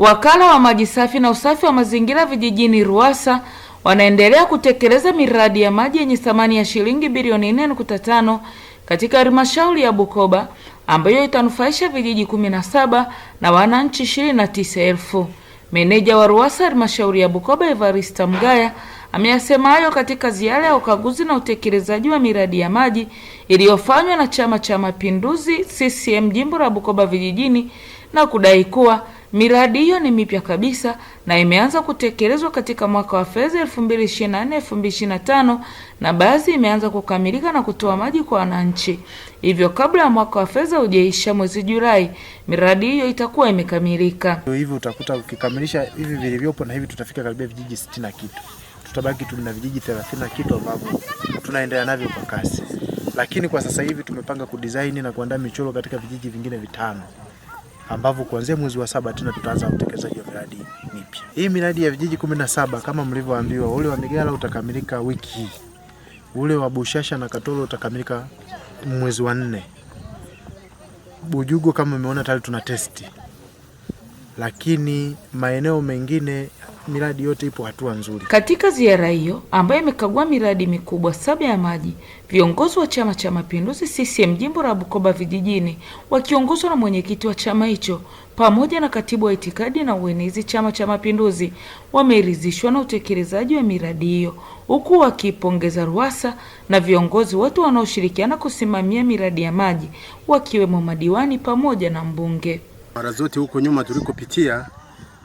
Wakala wa maji safi na usafi wa mazingira vijijini RUWASA wanaendelea kutekeleza miradi ya maji yenye thamani ya shilingi bilioni 4.5 katika halmashauri ya Bukoba ambayo itanufaisha vijiji 17 na wananchi 29,000. Meneja wa RUWASA halmashauri ya Bukoba Evarista Mgaya ameyasema hayo katika ziara ya ukaguzi na utekelezaji wa miradi ya maji iliyofanywa na Chama cha Mapinduzi CCM jimbo la Bukoba vijijini na kudai kuwa Miradi hiyo ni mipya kabisa na imeanza kutekelezwa katika mwaka wa fedha 2024 2025 na baadhi imeanza kukamilika na kutoa maji kwa wananchi. Hivyo kabla ya mwaka wa fedha hujaisha mwezi Julai, miradi hiyo itakuwa imekamilika. Hivi utakuta ukikamilisha hivi vilivyopo na hivi tutafika karibia vijiji 60 na kitu, tutabaki tu na vijiji 30 na kitu ambavyo tunaendelea navyo kwa kasi, lakini kwa sasa hivi tumepanga kudesign na kuandaa michoro katika vijiji vingine vitano ambavyo kuanzia mwezi wa saba tena tutaanza utekelezaji wa miradi mipya. Hii miradi ya vijiji 17 kama mlivyoambiwa, ule wa Migala utakamilika wiki hii, ule wa Bushasha na Katoro utakamilika mwezi wa nne. Bujugo kama umeona tayari tuna testi, lakini maeneo mengine miradi yote ipo hatua nzuri. Katika ziara hiyo ambayo imekagua miradi mikubwa saba ya maji, viongozi wa Chama cha Mapinduzi CCM jimbo la Bukoba vijijini wakiongozwa na mwenyekiti wa chama hicho pamoja na katibu wa itikadi na uenezi Chama cha Mapinduzi wameridhishwa na utekelezaji wa miradi hiyo, huku wakiipongeza RUWASA na viongozi wote wanaoshirikiana kusimamia miradi ya maji wakiwemo madiwani pamoja na mbunge. Mara zote huko nyuma tulikopitia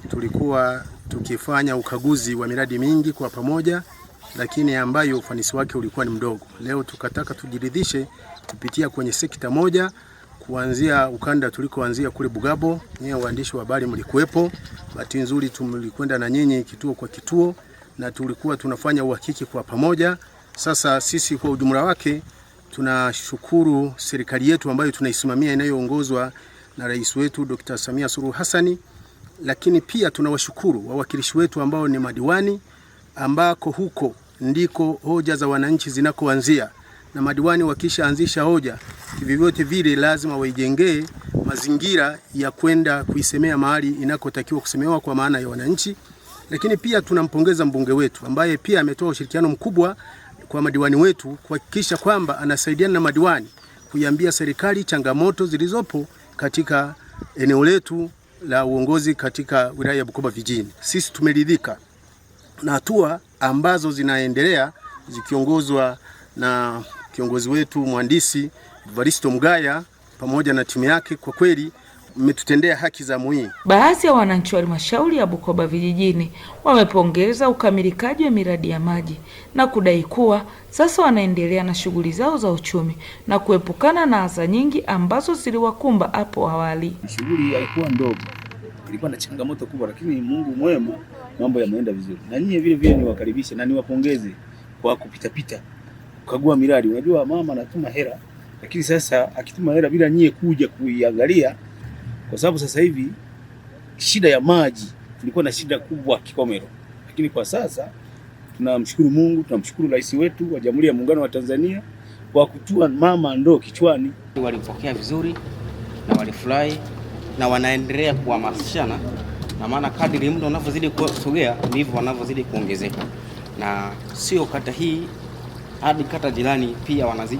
tulikuwa tukifanya ukaguzi wa miradi mingi kwa pamoja, lakini ambayo ufanisi wake ulikuwa ni mdogo. Leo tukataka tujiridhishe kupitia kwenye sekta moja, kuanzia ukanda tulikoanzia kule Bugabo. Nyewe waandishi wa habari mlikuwepo, bahati nzuri tulikwenda na nyinyi kituo kwa kituo, na tulikuwa tunafanya uhakiki kwa pamoja. Sasa sisi kwa ujumla wake tunashukuru serikali yetu ambayo tunaisimamia inayoongozwa na rais wetu Dr. Samia Suluhu Hassani lakini pia tunawashukuru wawakilishi wetu ambao ni madiwani, ambako huko ndiko hoja za wananchi zinakoanzia, na madiwani wakishaanzisha hoja vyovyote vile, lazima waijengee mazingira ya kwenda kuisemea mahali inakotakiwa kusemewa kwa maana ya wananchi. Lakini pia tunampongeza mbunge wetu ambaye pia ametoa ushirikiano mkubwa kwa madiwani wetu kuhakikisha kwamba anasaidiana na madiwani kuiambia serikali changamoto zilizopo katika eneo letu la uongozi katika wilaya ya Bukoba vijijini. Sisi tumeridhika na hatua ambazo zinaendelea zikiongozwa na kiongozi wetu mhandisi Varisto Mgaya pamoja na timu yake. Kwa kweli mmetutendea haki za muhimu. Baadhi ya wananchi wa halmashauri ya Bukoba vijijini wamepongeza ukamilikaji wa miradi ya maji na kudai kuwa sasa wanaendelea na shughuli zao za uchumi na kuepukana na adha nyingi ambazo ziliwakumba hapo awali. Shughuli haikuwa ndogo, ilikuwa na changamoto kubwa, lakini Mungu mwema, mambo yameenda vizuri. Na nyinyi vile vile niwakaribishe na niwapongeze kwa kupitapita kukagua miradi. Unajua mama anatuma hela, lakini sasa akituma hela bila nyie kuja kuiangalia kwa sababu sasa hivi shida ya maji tulikuwa na shida kubwa Kikomero, lakini kwa sasa tunamshukuru Mungu, tunamshukuru rais wetu wa Jamhuri ya Muungano wa Tanzania kwa kutua mama ndoo kichwani. Walipokea vizuri na walifurahi na wanaendelea kuhamasishana, na maana kadiri mtu anavyozidi kusogea ndivyo wanavyozidi kuongezeka, na sio kata hii hadi kata jirani pia wanazi,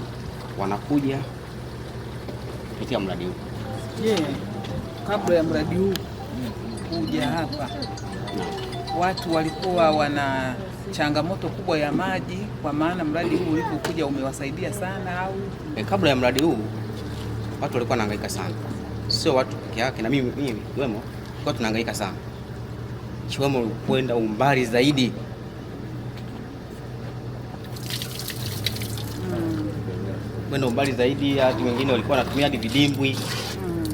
wanakuja kupitia mradi huu yeah kabla ya mradi huu kuja hapa, watu walikuwa wana changamoto kubwa ya maji, kwa maana mradi huu ulipokuja umewasaidia sana au? E, kabla ya mradi huu watu walikuwa wanahangaika sana, sio watu peke yake, na mimi mimi wemo kwa tunahangaika sana, kiwemo kwenda umbali zaidi hmm. kwenda umbali zaidi. Watu wengine walikuwa wanatumia hadi vidimbwi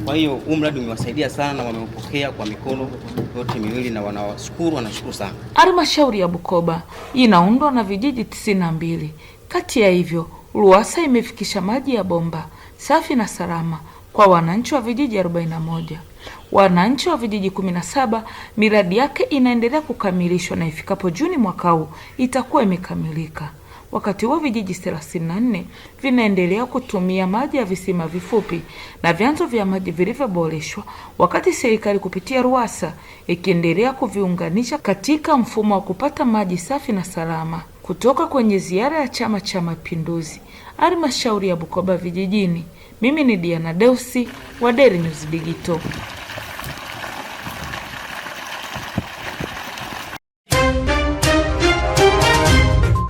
kwa hiyo huu mradi umewasaidia sana na wameupokea kwa mikono yote miwili na wanawashukuru, wanashukuru sana. Halmashauri ya Bukoba inaundwa na vijiji tisini na mbili. Kati ya hivyo Ruwasa imefikisha maji ya bomba safi na salama kwa wananchi wa vijiji 41. Wananchi wa vijiji 17, miradi yake inaendelea kukamilishwa na ifikapo Juni mwaka huu itakuwa imekamilika. Wakati huo vijiji 34 vinaendelea kutumia maji ya visima vifupi na vyanzo vya maji vilivyoboreshwa, wakati serikali kupitia RUWASA ikiendelea kuviunganisha katika mfumo wa kupata maji safi na salama. Kutoka kwenye ziara ya Chama cha Mapinduzi halmashauri ya Bukoba vijijini, mimi ni Diana Deusi wa Daily News Digital.